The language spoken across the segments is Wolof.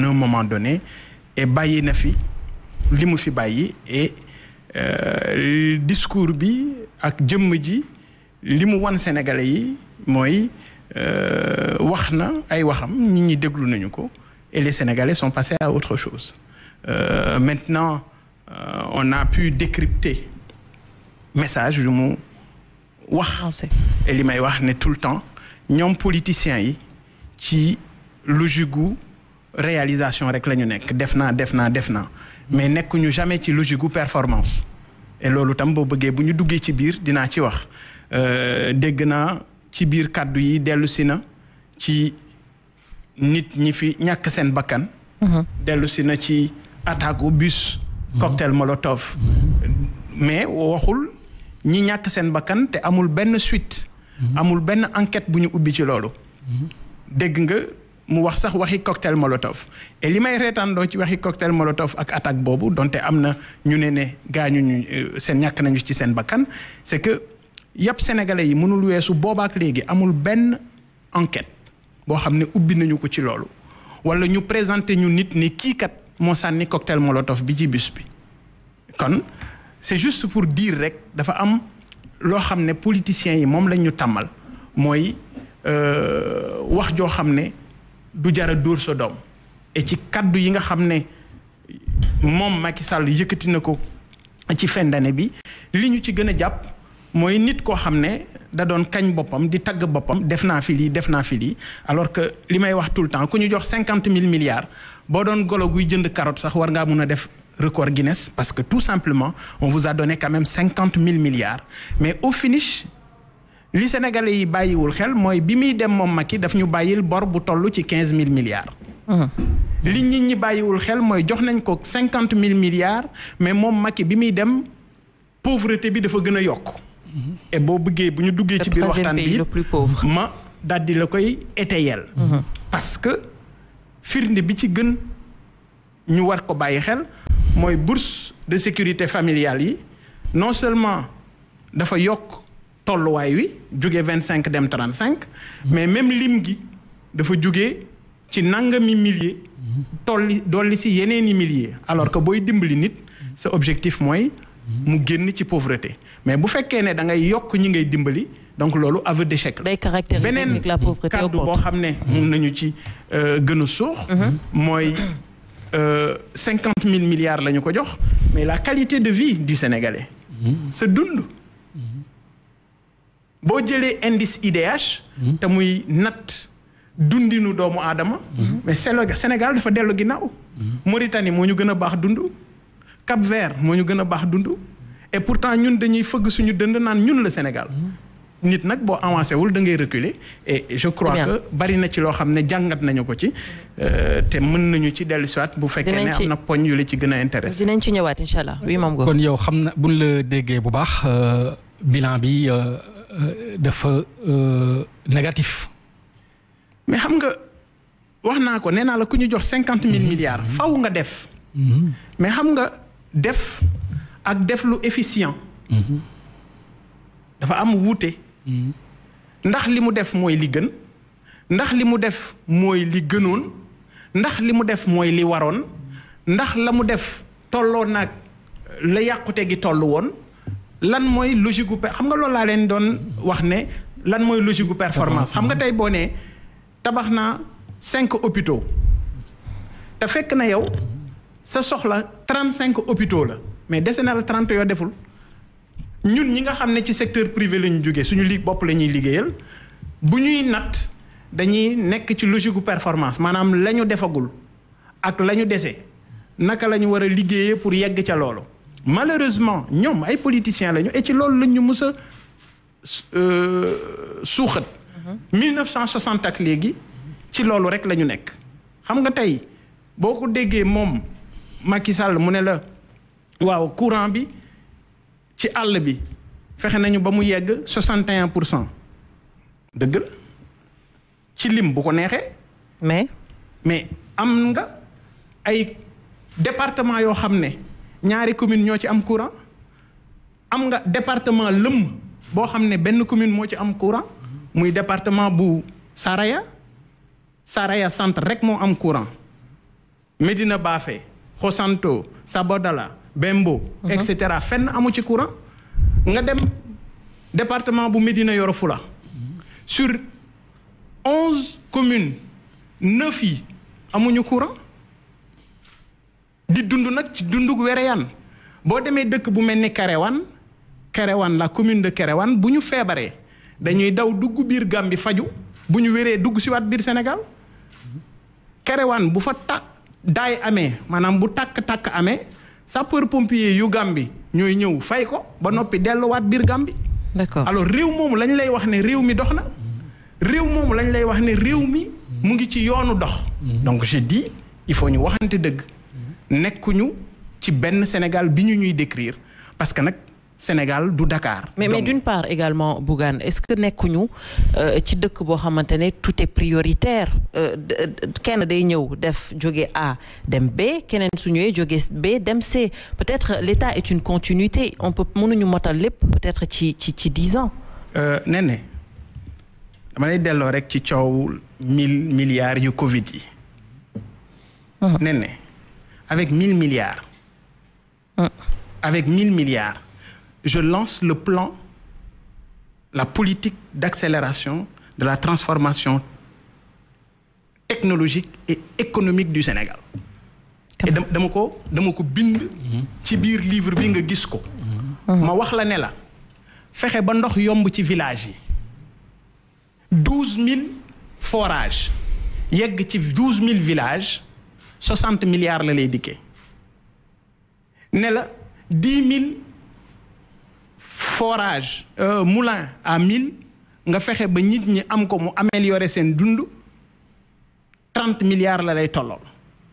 en moment donné et bàyyi na fi li mu fi bàyyi e euh, discours bi ak jëmm ji li mu wan sénégalais yi mooy euh, wax na ay waxam nit ñi déglu nañu ko et les sénégalais sont passés à autre chose euh, maintenant euh, on a pu décrypter message yu mu wax et li may wax ne tout le temps ñoom politiciens yi ci logique gu réalisation rek la ñu nekk def naa def naa def naa mais nekkuñu jamais ci logique gu performance loolu tam boo bëggee bu ñu duggee ci biir dinaa ci wax euh, dégg na ci biir kàddu yi dellu si na ci nit ñi fi ñàkk seen bakkan mhm. dellu na ci attaque au bus mhm. cocktail molotov mais waxul ñi ñàkk seen bakkan te amul benn suite mhm. amul benn enquête bu ñu ubbi ci loolu dégg nga mu wax sax waxi cocktail molotov et li may reetaandoo ci waxi cocktail molotov ak attaque boobu donte am na ñu ne ne gaañuñu euh, seen ñàkk nañu ci seen bakkan c'est que yëpp sénégalais yi mënul weesu boobaak léegi amul benn enquête boo xam ne ubbi nañu ko ci loolu wala ñu présenter ñu nit ni kii kat moo sànni cocktail molotov bi ci bus bi kon c'est juste pour diir rek dafa am loo xam ne politiciens yi moom lañ ñu tàmmal mooy euh, wax joo xam ne. du jara dóor sa doom et ci kàddu yi nga xam ne moom Macky Sall yëkkati na ko ci fin d'année bi li ñu ci gën a jàpp mooy nit koo xam ne da doon kañ boppam di tagg boppam def naa fi lii def naa fi lii alors que li may wax tout le temps ku ñu jox cinquante mille milliards boo doon golo guy jënd carotte sax war ngaa mun a def record Guinness parce que tout simplement on vous a donné quand cinquante mille milliards mais au finish li sénégalais yi bàyyiwul xel mooy bi muy dem moom Macky daf ñu bàyyil bor bu toll ci quinze mille milliards. li nit ñi bàyyiwul xel mooy jox nañ ko cinquante mille milliards mais moom Macky bi muy dem pauvreté bi dafa gën a yokk. boo bëggee bu ñu duggee ci biir waxtaan bi ma daldi la koy étayel parce que firnde bi ci gën ñu war ko bàyyi xel mooy bourse de sécurité familiale yi non seulement dafa yokk. tolluwaay wi jóge vingt cinq dem trente cinq mais même lim gi dafa jóge ci nangami milliers tolli dolli si yeneeni milliers alors que booy dimbali nit sa objectif mooy mu génn ci pauvreté mais bu fekkee ne da ngay yokk ñi ngay dimbali donc loolu aveu d'échec la. day caractériser la pauvreté beneen kàddu boo xam ne mun nañu ci euh, gën a suux. Mhm. Mhm. mooy euh, cinquante mille milliards la ñu ko jox mais la qualité de vie du sénégalais. Mhm. sa dund. boo jëlee indice IDH. Hmm. te muy natt dundinu doomu aadama. Hmm. mais Sénégal dafa dellu ginnaaw. Hmm. Mauritanie moo ñu gën a baax dund. Cap Vert moo ñu gën a baax dund. et pourtant ñun dañuy fëgg suñu dënd naan ñun la Sénégal. nit nag boo avancé wul da ngay reculer. e je crois que bari na ci loo xam ne jàngat nañu ko ci. Euh, te mën nañu ci dellu siwaat bu fekkee ne am na poñ yu la ci gën a intéressé. dinañ ci ñëwaat incha allah oui moom kon yow xam na buñ la déggee bu baax euh, bilan bi. Euh, dafa euh, négatif. mais xam nga wax naa ko nee naa la ku ñu jox cinquante mille milliards. Mm-hmm. faw nga def. Mm-hmm. mais xam nga def ak def lu efficient. Mm-hmm. dafa am wuute. ndax li mu def mooy li gën. ndax li mu def mooy li gënoon. ndax li mu def mooy li waroon. ndax la mu def tolloo nag la yàqute gi tollu woon. lan mooy logique gu xam nga loolu laa leen doon wax ne lan mooy logique gu performance xam nga tey boo tabax naa cinq hôpitaux te fekk na yow sa soxla trente cinq hôpitaux la mais dese na la trente yoo deful ñun ñi nga xam ne ci secteur privé la ñu jógee suñu lii bopp la ñuy liggéeyal bu ñuy natt dañuy nekk ci logique gu performance maanaam la ñu defagul ak la ñu dese naka la ñu war a liggéeyee pour yegg ca loolu malheureusement ñoom ay politiciens lañu et ci loolu lañ ñu mus a euh, suuxat. 1960 mhm. ak léegi ci loolu rek la ñu nekk. xam nga tey boo ko déggee moom Macky Sall mu ne la waaw courant bi ci àll bi fexe nañu ba mu yegg 61 pour cent dëgg la ci lim bu ko neexee. mais mais am nga ay département yoo xam ne. ñaari commune ñoo ci am courant am nga département lëm boo xam ne benn commune moo ci am courant muy département bu Saraya Saraya centre rek moo am courant Medina Bafé Xosanto Sabodala Bembo et mhm. cetera fenn amu ci courant nga dem département bu Medina Yoro Fula sur onze commune neuf yi amuñu courant di dund nag ci dundug wereyaan boo demee dëkk bu mel ni Kéréwan Kéréwan la commune de Kéréwan bu ñu feebaree dañuy daw dugg biir Gàmbi faju bu ñu wéree dugg si waat biir Sénégal Kéréwan bu fa ta daay amee maanaam bu tàkk-tàkk amee sapeur pompier yu Gàmbi ñooy ñëw fay ko ba noppi delluwaat biir Gàmbi d'accord alors réew moomu lañ lay wax ne réew mi dox na réew moomu lañ lay wax ne réew mi mu ngi ci yoonu dox mm-hmm. donc je il faut ñu waxante dëgg nekkuñu ci benn Sénégal bi ñu ñuy décrire parce que nag Sénégal du Dakar. mais mais d'une part également Bougane est-ce que nekku ñu euh, ci dëkk boo xamante ne tout est prioritaire euh, kenn day ñëw def jóge A dem B keneen su ñëwee jóge B dem C peut-être l'État est une continuité on peut mënuñu motal lépp peut-être ci ci ci dix ans. Euh, Néné dama lay delloo rek ci coow mille milliards yu Covid yi. Ah. avec mille milliards. Ah. Avec mille milliards, je lance le plan, la politique d'accélération de la transformation technologique et économique du Sénégal. et dama ko dama ko bind. Mhm. ci biir livre bi nga gis ko. Ah. ma wax la ne la fexe ba ndox yomb ci village yi douze mille forages yegg ci douze mille villages. soixante milliards la lay dikkee ne la dix mille forage euh, moulin à mille nga fexe ba nit ñi am ko mu améliorer seen dund trente milliards la lay tollool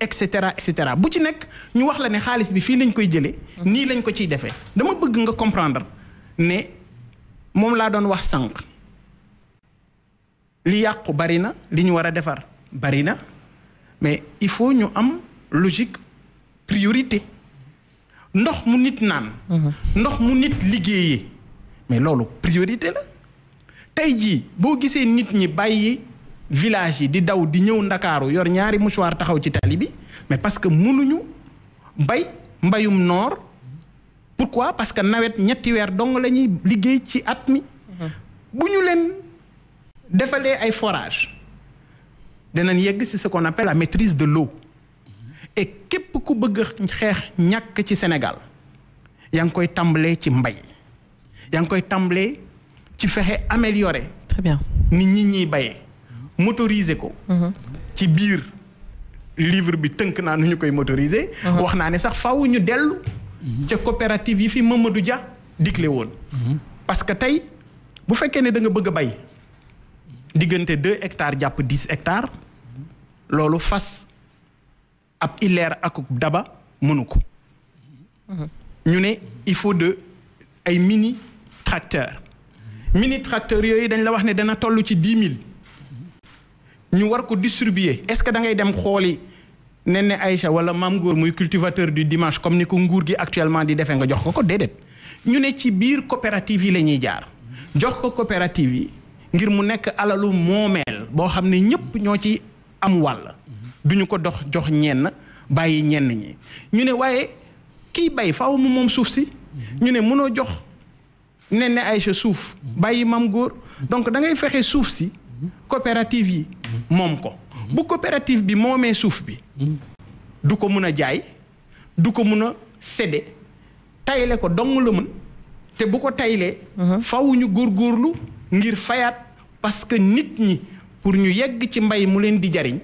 et cetera et cetera bu ci nekk ñu wax la ne xaalis bi fii lañ koy jëlee nii lañ ko ciy defee dama bëgg nga comprendre ne moom laa doon wax sànq li yàqu bari na li war a defar bari na mais il faut ñu am logique priorité ndox mu nit naan. Mhm. ndox mu nit liggéeyee mais loolu priorité la tey jii boo gisee nit ñi bàyyi village yi di daw di ñëw ndakaaru yor ñaari mouchoir taxaw ci tali bi mais parce que mënuñu bay mbayum noor pourquoi parce que nawet ñetti weer dong la ñuy liggéey ci at mi mhm. bu ñu leen defalee ay forage danañ yegg ci ce qu'on appelle la maîtrise de l'eau et képp ku bëgg a xeex ñàkk ci Sénégal yaa ngi koy tàmbalee ci mbay yaa ngi koy tàmbalee ci fexe améliorer. très nit ñi ñuy bayee motoriser ko. Mhm. ci biir livre bi tënk naa nu ñu koy motoriser. Mhm. wax naa ne sax faw ñu dellu. Mhm. ca coopérative yi fi Mamadou ja digle woon. parce que tey bu fekkee ne danga nga bëgg a bay diggante deux hectares jàpp dix hectares loolu fas ab illeer ak daba mënu ko mhm. ñu ne il faut de ay mini tracteurs mini tracteurs yooyu dañ la wax ne dana toll ci dix mille ñu war ko distribuer est-ce que da ngay dem xooli nen ne Aïcha wala maam Ngor muy cultivateur du dimanche comme ni ko nguur gi actuellement di defee nga jox ko ko déedéet ñu ne ci biir coopérative yi la ñuy jaar jox ko coopérative yi ngir mu nekk alalu moomeel boo xam ne ñëpp ñoo ci am wàll duñu ko dox jox ñenn bàyyi ñenn ñi ñu ne waaye kii bay faw mu moom suuf si ñu ne mënoo jox nen ne ay sa suuf bàyyi mam góor donc da ngay fexe suuf si coopérative yi moom ko bu coopérative bi moomee suuf bi du ko mën a jaay du ko mun a sédde tayle ko dong la mën te bu ko taylee mhm. faw góor góorlu ngir fayaat parce que nit ñi pour ñu yegg ci mbay mu leen di jariñ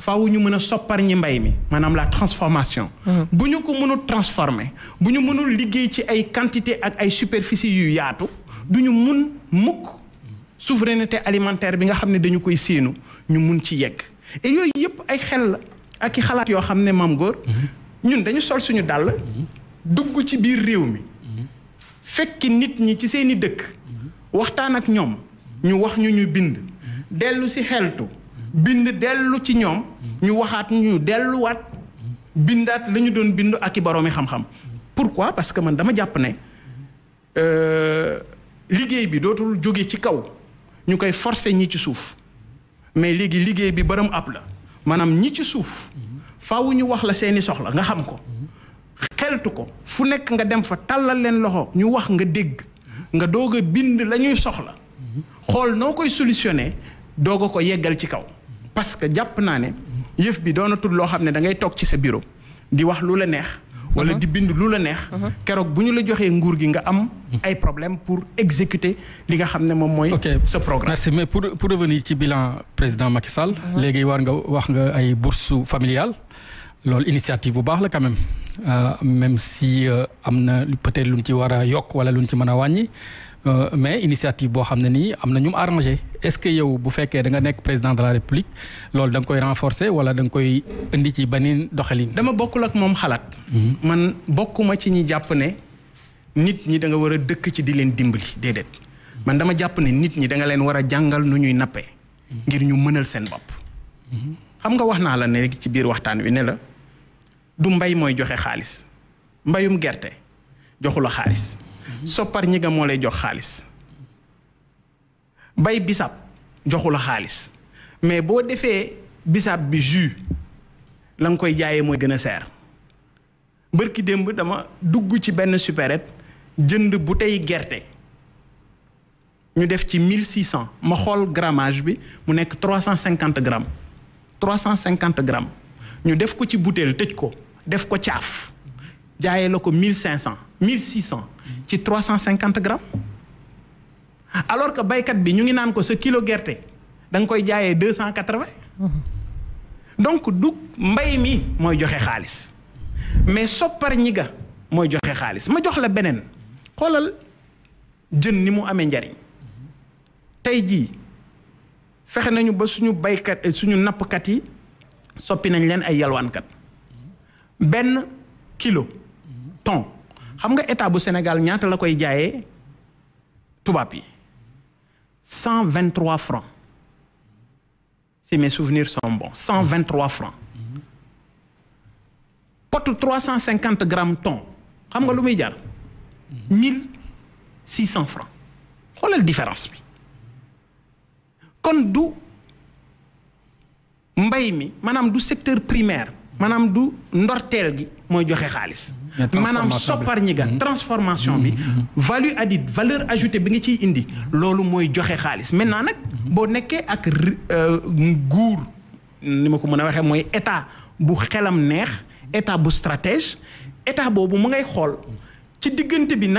faw ñu mën a soppar ñi mbay mi maanaam la transformation bu ñu ko mënul transformer bu ñu mënul liggéey ci ay quantité ak ay superficie yu yaatu du ñu mun mukk souveraineté alimentaire bi nga xam ne dañu koy séenu ñu mun ci yegg et yooyu yëpp ay xel la ak i xalaat yoo xam ne maam gor ñun dañu sol suñu dàll dugg ci biir réew mi fekki nit ñi ci seeni dëkk waxtaan ak ñoom ñu wax ñu ñu bind dellu si xeltu bind dellu ci ñoom ñu waxaat ñu delluwaat bindaat lañu doon bind ak i boroomi xam-xam quoi parce que man dama jàpp ne euh, liggéey bi dootul jóge ci kaw ñu koy forcer ñi ci suuf mais léegi liggéey bi bërëm ab la maanaam ñi ci suuf faaw ñu wax la seeni soxla nga xam ko xeltu ko fu nekk nga dem fa tàllal leen loxo ñu wax nga dégg nga dooga a bind la ñuy soxla xool noo koy solutionné doog ko yeggal ci kaw parce que jàpp naa ne yëf bi doonatul loo xam ne da ngay toog ci sa bureau di wax lu la neex wala uh-huh. di bind lu la neex uh-huh. keroog bu ñu la joxee nguur gi nga am ay problème pour exécuter li nga xam ne moom mooy ce programme merci mais pour pour ci bilan président Macky Sall uh-huh. léegi war nga wax nga ay bourse familiale loolu initiative bu baax la quand même euh, même si euh, am na peut lu luñ ci war a yokk wala luñ ci mën a wàññi euh, mais initiative boo xam ne nii am na ñu mu arrangé est-ce que yow bu fekkee da nekk président de la république koy renforcer wala da nga koy indi ci beneen doxalin. dama bokkul ak moom xalaat. Mhm. man bokkuma ci ñi jàpp ne nit ñi da nga war a dëkk ci di leen dimbali déedéet man dama jàpp ne nit ñi da nga leen war a jàngal nu ñuy nappe. Mhm. ngir ñu mënal seen bopp. Mhm. xam nga wax naa la ne ci biir waxtaan wi ne la. du mbay mooy joxe xaalis mbayum gerte joxula xaalis soppar ñi lay jox xaalis bay bisab joxula xaalis mais boo defee bisaab bi jus la nga koy jaayee mooy gën a seer bërki démb dama dugg ci benn supérette jënd bu tey gerte ñu def ci mille six cent ma xool grammage bi mu nekk trois cent cinquante gramme trois cent cinquante gramme ñu def ko ci bouteille tëj ko def ko caaf jaayee la ko mille cinq cent mille six cent ci trois cent cinquante grammes alors que baykat bi ñu ngi naan ko sa kilo gerte danga koy jaayee deux cent quatre vingt donc du mbay mi mooy joxe xaalis mais soppar ñi ga mooy joxe xaalis ma jox la beneen xoolal jën ni mu amee njariñ tey jii fexe nañu ba suñu baykat suñu nappkat yi soppi nañ leen ay yalwaankat benn kilo ton xam nga état bu Sénégal ñaata la koy jaayee tubaab yi cent vingt trois francs si mes souvenirs sont bons cent vingt trois francs potu trois cent cinquante grammes ton xam nga lu muy jar mille six cent francs xoolal différence bi kon du mbay mi maanaam du secteur primaire maanaam du ndorteel gi mooy joxe xaalis maanaam sopparñi ga mm-hmm. transformation bi mm-hmm. Mm-hmm. value added valeur ajoutée bi nga ciy indi loolu mooy joxe xaalis maintenant nag boo nekkee ak euh, guur ni ma ko mën a waxee mooy état bu xelam neex état bu stratége état boobu mu ngay xool ci diggante bi